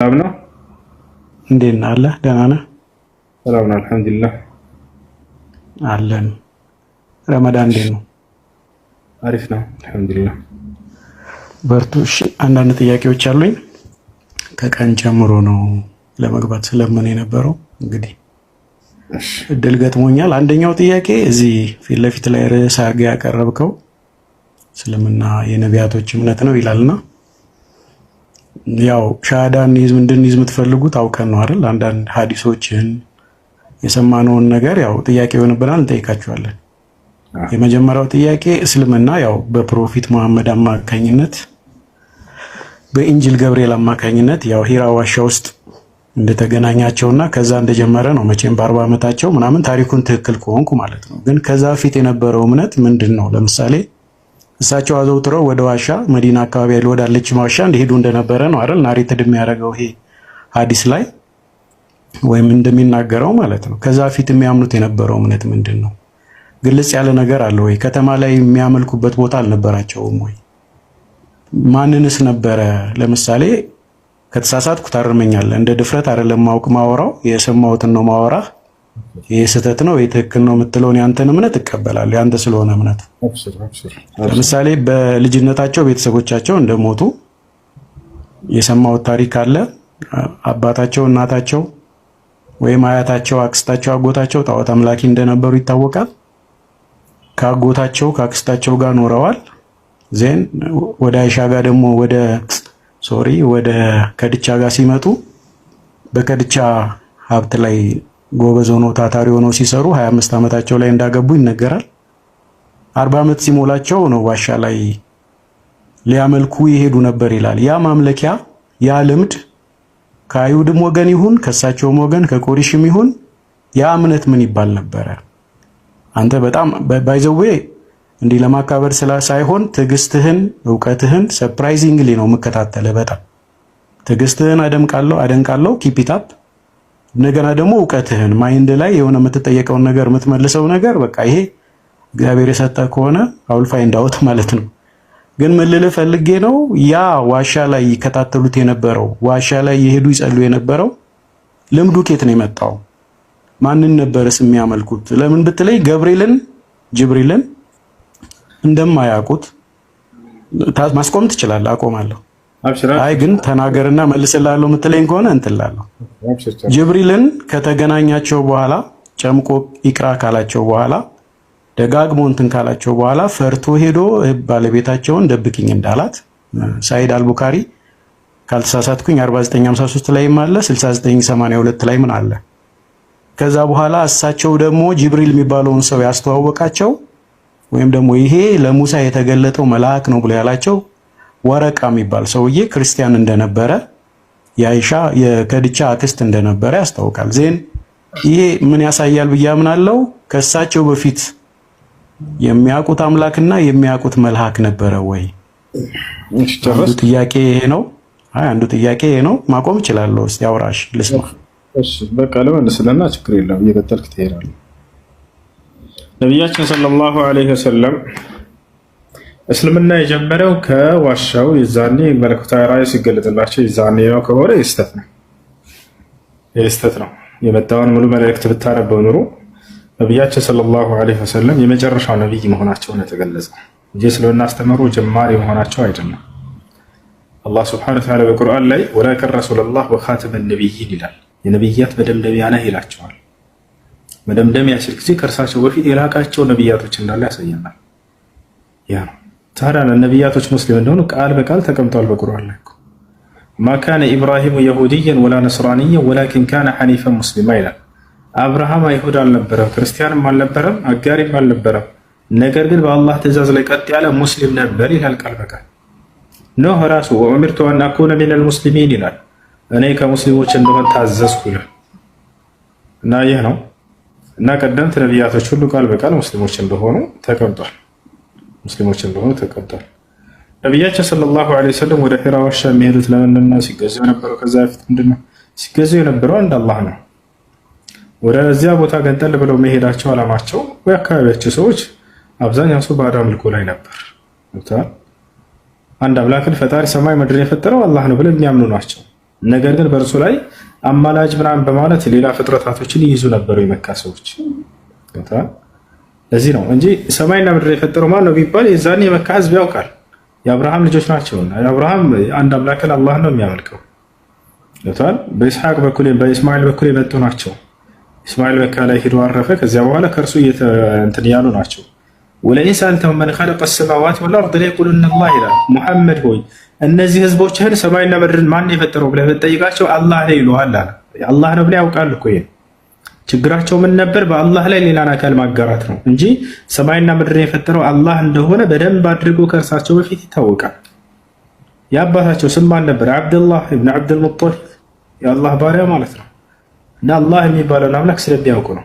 ሰላም ነው። እንዴት ነህ? አለ ደህና ነህ? ሰላም ነው፣ አልሐምዱሊላህ አለን። ረመዳን እንዴት ነው? አሪፍ ነው፣ አልሐምዱሊላህ። በርቱ። እሺ፣ አንዳንድ ጥያቄዎች አሉኝ። ከቀን ጀምሮ ነው ለመግባት ስለምን የነበረው እንግዲህ እድል ገጥሞኛል። አንደኛው ጥያቄ እዚህ ፊት ለፊት ላይ ርዕስ አድርገህ ያቀረብከው እስልምና የነቢያቶች እምነት ነው ይላልና ያው ሻሃዳ እንይዝ እንድንይዝ የምትፈልጉት አውቀን ነው አይደል? አንዳንድ ሀዲሶችን የሰማነውን ነገር ያው ጥያቄ ይሆንብናል፣ እንጠይቃቸዋለን። የመጀመሪያው ጥያቄ እስልምና ያው በፕሮፊት መሐመድ አማካኝነት በኢንጅል ገብርኤል አማካኝነት ያው ሂራ ዋሻ ውስጥ እንደተገናኛቸውና ከዛ እንደጀመረ ነው መቼም በአርባ ዓመታቸው ምናምን ታሪኩን ትክክል ከሆንኩ ማለት ነው። ግን ከዛ ፊት የነበረው እምነት ምንድን ነው? ለምሳሌ እሳቸው አዘውትረው ወደ ዋሻ መዲና አካባቢ ያለ ወዳለች ዋሻ እንዲሄዱ እንደነበረ ነው አይደል? ናሬትድ የሚያደርገው ይሄ ሀዲስ ላይ ወይም እንደሚናገረው ማለት ነው። ከዛ ፊት የሚያምኑት የነበረው እምነት ምንድን ነው? ግልጽ ያለ ነገር አለ ወይ? ከተማ ላይ የሚያመልኩበት ቦታ አልነበራቸውም ወይ? ማንንስ ነበረ? ለምሳሌ ከተሳሳትኩ ታርመኛለህ። እንደ ድፍረት አይደለም ማውቅ ማወራው የሰማሁትን ነው ማወራህ ይህ ስህተት ነው፣ ይህ ትክክል ነው የምትለውን ያንተን እምነት እቀበላለሁ። ያንተ ስለሆነ እምነት ለምሳሌ በልጅነታቸው ቤተሰቦቻቸው እንደሞቱ የሰማሁት ታሪክ አለ። አባታቸው፣ እናታቸው ወይም አያታቸው፣ አክስታቸው፣ አጎታቸው ጣዖት አምላኪ እንደነበሩ ይታወቃል። ከአጎታቸው ከአክስታቸው ጋር ኖረዋል። ዜን ወደ አይሻ ጋር ደግሞ ወደ ሶሪ ወደ ከድቻ ጋር ሲመጡ በከድቻ ሀብት ላይ ጎበዝ ሆኖ ታታሪ ሆነው ሲሰሩ 25 ዓመታቸው ላይ እንዳገቡ ይነገራል። 40 ዓመት ሲሞላቸው ነው ዋሻ ላይ ሊያመልኩ ይሄዱ ነበር ይላል። ያ ማምለኪያ ያ ልምድ ከአይሁድም ወገን ይሁን ከእሳቸውም ወገን ከቆሪሽም ይሁን ያ እምነት ምን ይባል ነበረ? አንተ በጣም ባይዘዌ እንዲህ ለማካበር ስላ ሳይሆን ትዕግስትህን እውቀትህን ሰርፕራይዚንግሊ ነው የምከታተለ በጣም ትዕግስትህን አደምቃለሁ አደንቃለሁ። ኪፒታፕ እንደገና ደግሞ እውቀትህን ማይንድ ላይ የሆነ የምትጠየቀውን ነገር የምትመልሰው ነገር በቃ ይሄ እግዚአብሔር የሰጠ ከሆነ አውል ፋይንድ አውት ማለት ነው። ግን ምን ፈልጌ ነው ያ ዋሻ ላይ ይከታተሉት የነበረው ዋሻ ላይ የሄዱ ይጸሉ የነበረው ልምዱ ኬት ነው የመጣው? ማንን ነበርስ የሚያመልኩት? ለምን ብትለይ ገብርኤልን ጅብሪልን እንደማያውቁት ማስቆም ትችላለህ። አቆማለሁ። አይ ግን ተናገርና መልስላለሁ የምትለኝ ከሆነ እንትላለሁ። ጅብሪልን ከተገናኛቸው በኋላ ጨምቆ ይቅራ ካላቸው በኋላ ደጋግሞ እንትን ካላቸው በኋላ ፈርቶ ሄዶ ባለቤታቸውን ደብቅኝ እንዳላት ሳይድ አልቡካሪ ካልተሳሳትኩኝ 4953 ላይም አለ 6982 ላይ ምን አለ። ከዛ በኋላ እሳቸው ደግሞ ጅብሪል የሚባለውን ሰው ያስተዋወቃቸው ወይም ደግሞ ይሄ ለሙሳ የተገለጠው መልአክ ነው ብሎ ያላቸው ወረቃ የሚባል ሰውዬ ክርስቲያን እንደነበረ የአይሻ የከድቻ አክስት እንደነበረ ያስታውቃል። ዜን ይሄ ምን ያሳያል ብዬ አምናለሁ። ከእሳቸው በፊት የሚያውቁት አምላክና የሚያውቁት መልአክ ነበረ ወይ? አንዱ ጥያቄ ይሄ ነው። አይ አንዱ ጥያቄ ይሄ ነው። ማቆም እችላለሁ። እስቲ አውራሽ ልስማ። እሺ በቃ ልመልስልና ችግር የለም እየቀጠልክ ትሄዳለህ። ነቢያችን ሰለላሁ ዐለይሂ ወሰለም እስልምና የጀመረው ከዋሻው የዛኔ መለኮታዊ ራእይ ሲገለጥላቸው የዛኔ ነው ከሆነ የስተት ነው የስተት ነው። የመጣውን ሙሉ መልእክት ብታነበው ኑሮ ነቢያችን ሰለላሁ ዐለይሂ ወሰለም የመጨረሻው ነቢይ መሆናቸውን የተገለጸ እንጂ እስልምና አስተምሮ ጀማሪ መሆናቸው አይደለም። አላህ ስብሐነሁ ወተዓላ በቁርአን ላይ ወላኪን ረሱለላህ ወኻተመ ነቢይን ይላል። የነቢያት መደምደሚያ ነህ ይላቸዋል። መደምደሚያ ሲል ጊዜ ከእርሳቸው በፊት የላካቸው ነቢያቶች እንዳለ ያሳየናል። ያ ነው ተህራን ነቢያቶች ሙስሊም እንደሆኑ ቃል በቃል ተቀምጧል በቁርአን ላይ ማካነ ኢብራሂሙ የሁድየን ወላ ነስራንየን ወላኪን ካነ ሐኒፈን ሙስሊማ ይላል። አብርሃም አይሁድ አልነበረም፣ ክርስቲያንም አልነበረም፣ አጋሪም አልነበረም። ነገር ግን በአላህ ትእዛዝ ላይ ቀጥ ያለ ሙስሊም ነበር ይላል ቃል በቃል። ኖህ ራሱ ወኡሚርቱ አን አኩነ ሚነል ሙስሊሚን ይላል። እኔ ከሙስሊሞች እንደሆን ታዘዝኩ ይላል እና ይህ ነው እና ቀደምት ነቢያቶች ሁሉ ቃል በቃል ሙስሊሞች እንደሆኑ ተቀምጧል። ሙስሊሞች እንደሆኑ ተቀምጧል። ነቢያችን ሰለላሁ ዐለይሂ ወሰለም ወደ ሒራ ዋሻ የሚሄዱት ለምንድን ሲገዙ የነበረው ከዛ በፊት ምንድነው? ሲገዙ የነበረው አንድ አላህ ነው። ወደዚያ ቦታ ገንጠል ብለው መሄዳቸው አላማቸው አካባቢያቸው ሰዎች አብዛኛው ሰው ባዕድ አምልኮ ላይ ነበር። አንድ አምላክን ፈጣሪ ሰማይ ምድርን የፈጠረው አላህ ነው ብለው የሚያምኑ ናቸው። ነገር ግን በእርሱ ላይ አማላጅ ምናምን በማለት ሌላ ፍጥረታቶችን ይይዙ ነበሩ የመካ ሰዎች ለዚህ ነው እንጂ ሰማይና ምድር የፈጠረው ማን ነው ቢባል የዛኔ የመካ ህዝብ ያውቃል። የአብርሃም ልጆች ናቸውና የአብርሃም አንድ አምላክን አላህ ነው የሚያመልከው ለቷል። በኢስሐቅ በኩል በእስማኤል በኩል የመጡ ናቸው። እስማኤል መካ ላይ ሂዶ አረፈ። ከዚያ በኋላ ከእርሱ እንትን እያሉ ናቸው። ወለኢን ሰአልተሁም መን ኸለቀ ሰማዋት ወልአርድ ለየቁሉነ ይላል። ሙሐመድ ሆይ እነዚህ ህዝቦችህን ሰማይና ምድርን ማን የፈጠረው ብለህ ብትጠይቃቸው አላህ ይሉሃል አላህ ነው ብለህ ያውቃል እኮ ይሄን ችግራቸው ምን ነበር? በአላህ ላይ ሌላን አካል ማጋራት ነው እንጂ ሰማይና ምድርን የፈጠረው አላህ እንደሆነ በደንብ አድርጎ ከእርሳቸው በፊት ይታወቃል። የአባታቸው ስም ማን ነበር? አብድላህ ብን አብድልሙጠሊብ የአላህ ባሪያ ማለት ነው። እና አላህ የሚባለውን አምላክ ስለሚያውቁ ነው።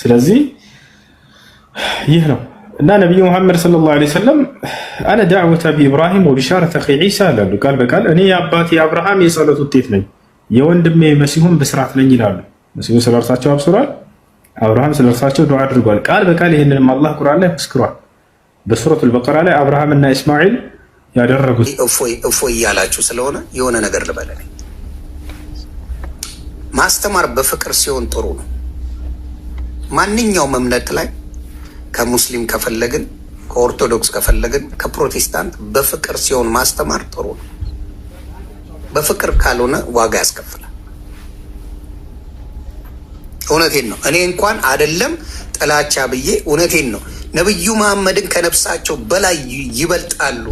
ስለዚህ ይህ ነው እና ነቢዩ መሐመድ ሰለላሁ ዐለይሂ ወሰለም አነ ዳዕወተ አቢ ኢብራሂም ወቢሻረተ አኺ ዒሳ ይላሉ ቃል በቃል እኔ የአባቴ አብርሃም የጸሎት ውጤት ነኝ፣ የወንድሜ መሲሁም ብስራት ነኝ ይላሉ። ነቢዩ ስለ እርሳቸው አብስሯል። አብርሃም ስለ እርሳቸው ዱዓ አድርጓል። ቃል በቃል ይህንንም አላህ ቁርአን ላይ መስክሯል። በሱረቱል በቀራ ላይ እና እስማኤል ያደረጉት እፎይ እፎይ እያላችሁ ስለሆነ የሆነ ነገር ልበለኝ። ማስተማር በፍቅር ሲሆን ጥሩ ነው። ማንኛውም እምነት ላይ ከሙስሊም ከፈለግን፣ ከኦርቶዶክስ ከፈለግን፣ ከፕሮቴስታንት በፍቅር ሲሆን ማስተማር ጥሩ ነው። በፍቅር ካልሆነ ዋጋ ያስከፍላል። እውነቴን ነው። እኔ እንኳን አደለም ጥላቻ ብዬ እውነቴን ነው። ነብዩ መሐመድን ከነፍሳቸው በላይ ይበልጣሉ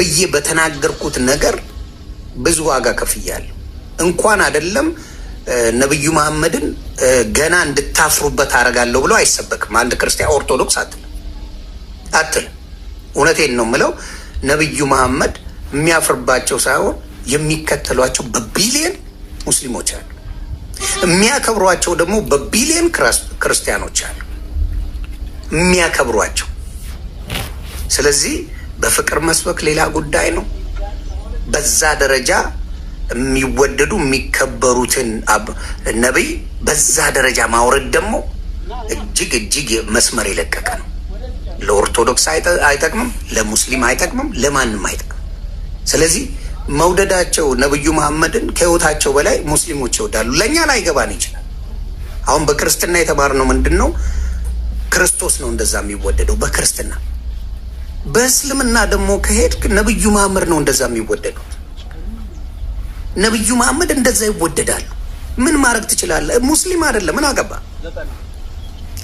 ብዬ በተናገርኩት ነገር ብዙ ዋጋ ከፍያለሁ። እንኳን አደለም ነብዩ መሐመድን ገና እንድታፍሩበት አደርጋለሁ ብሎ አይሰበክም። አንድ ክርስቲያን ኦርቶዶክስ አትል አትል። እውነቴን ነው ምለው ነብዩ መሐመድ የሚያፍርባቸው ሳይሆን የሚከተሏቸው በቢሊየን ሙስሊሞች አሉ። የሚያከብሯቸው ደግሞ በቢሊየን ክርስቲያኖች አሉ የሚያከብሯቸው። ስለዚህ በፍቅር መስበክ ሌላ ጉዳይ ነው። በዛ ደረጃ የሚወደዱ የሚከበሩትን ነቢይ በዛ ደረጃ ማውረድ ደግሞ እጅግ እጅግ መስመር የለቀቀ ነው። ለኦርቶዶክስ አይጠቅምም፣ ለሙስሊም አይጠቅምም፣ ለማንም አይጠቅምም። ስለዚህ መውደዳቸው ነብዩ መሐመድን ከህይወታቸው በላይ ሙስሊሞች ይወዳሉ። ለእኛ ላይገባን ይችላል። አሁን በክርስትና የተማርነው ምንድን ነው? ክርስቶስ ነው እንደዛ የሚወደደው በክርስትና። በእስልምና ደግሞ ከሄድ ነብዩ መሐመድ ነው እንደዛ የሚወደደው። ነብዩ መሐመድ እንደዛ ይወደዳሉ። ምን ማድረግ ትችላለህ? ሙስሊም አይደለም ምን አገባ።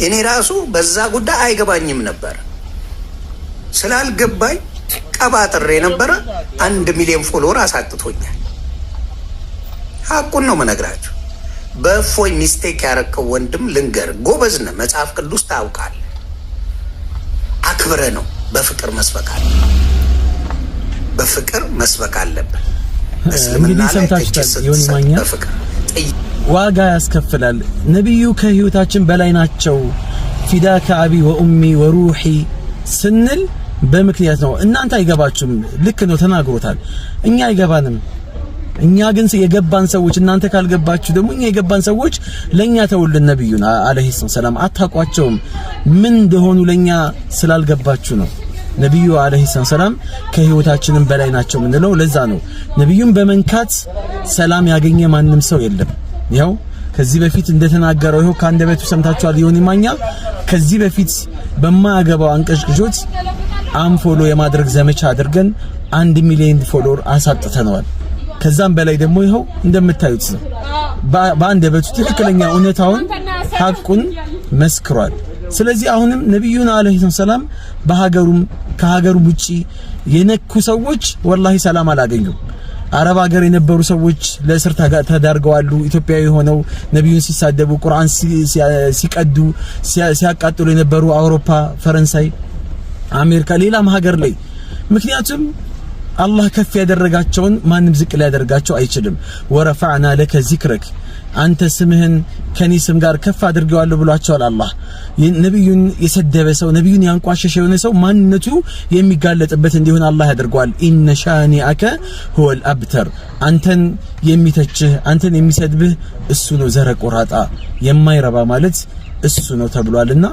እኔ ራሱ በዛ ጉዳይ አይገባኝም ነበር ስላልገባኝ ቀባጥር የነበረ አንድ ሚሊዮን ፎሎወር አሳጥቶኛል። ሀቁን ነው መነግራችሁ። በእፎይ ሚስቴክ ያረከው ወንድም ልንገር፣ ጎበዝ ነህ፣ መጽሐፍ ቅዱስ ታውቃለህ፣ አክብረ ነው በፍቅር መስበክ አለ በፍቅር መስበክ አለብህ። እስልምና ላይ ዋጋ ያስከፍላል። ነቢዩ ከህይወታችን በላይ ናቸው። ፊዳከ አቢ ወኡሚ ወሩሒ ስንል በምክንያት ነው። እናንተ አይገባችሁም። ልክ ነው፣ ተናግሮታል። እኛ አይገባንም። እኛ ግን የገባን ሰዎች እናንተ ካልገባችሁ ደግሞ እኛ የገባን ሰዎች ለኛ ተውልን። ነብዩን አለይሂ ሰላም አታቋቸውም ምን እንደሆኑ ለኛ ስላልገባችሁ ነው። ነብዩ አለይሂ ሰላም ከህይወታችንም በላይ ናቸው የምንለው ለዛ ነው። ነብዩን በመንካት ሰላም ያገኘ ማንም ሰው የለም። ያው ከዚህ በፊት እንደተናገረው ይኸው ከአንደበቱ ሰምታችኋል። ይሁን ይማኛ ከዚህ በፊት በማያገባው አንቀጭቅጮት አንፎሎ የማድረግ ዘመቻ አድርገን አንድ ሚሊዮን ፎሎወር አሳጥተነዋል። ከዛም በላይ ደግሞ ይኸው እንደምታዩት ነው። በአንድ በቱ ትክክለኛ እውነታውን ሐቁን መስክሯል። ስለዚህ አሁንም ነብዩና አለይሂ ሰላም በሀገሩም ከሀገሩ ውጪ የነኩ ሰዎች ወላሂ ሰላም አላገኙም። አረብ ሀገር የነበሩ ሰዎች ለእስር ተዳርገዋሉ። ኢትዮጵያዊ ሆነው ነቢዩን ሲሳደቡ፣ ቁርአን ሲቀዱ፣ ሲያቃጥሉ የነበሩ አውሮፓ፣ ፈረንሳይ አሜሪካ፣ ሌላም ሀገር ላይ ምክንያቱም አላህ ከፍ ያደረጋቸውን ማንም ዝቅ ሊያደርጋቸው አይችልም። ወረፈዕና ለከ ዚክረክ አንተ ስምህን ከኔ ስም ጋር ከፍ አድርጌዋለሁ ብሏቸዋል። አላህ ነቢዩን የሰደበ ሰው ነቢዩን ያንቋሸሸ የሆነ ሰው ማንነቱ የሚጋለጥበት እንዲሆን አላህ ያደርገዋል። ኢነ ሻኒአከ ሁወል አብተር፣ አንተን የሚተችህ አንተን የሚሰድብህ እሱ ነው። ዘረ የማይረባ ማለት እሱ ነው ተብሏልና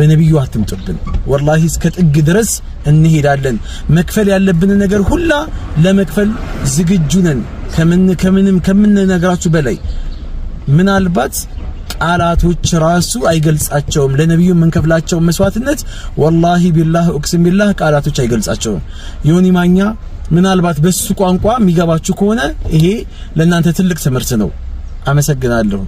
በነቢዩ አትምጡብን። ወላሂ እስከ ጥግ ድረስ እንሄዳለን። መክፈል ያለብን ነገር ሁላ ለመክፈል ዝግጁ ነን። ከምን ከምንም ከምንነግራችሁ በላይ ምናልባት ቃላቶች ራሱ አይገልጻቸውም። ለነቢዩ የምንከፍላቸው መስዋዕትነት ወላሂ ቢላህ ኡቅስም ቢላህ ቃላቶች አይገልጻቸውም። ዮኒ ማኛ ምናልባት በሱ ቋንቋ የሚገባችሁ ከሆነ ይሄ ለእናንተ ትልቅ ትምህርት ነው። አመሰግናለሁ።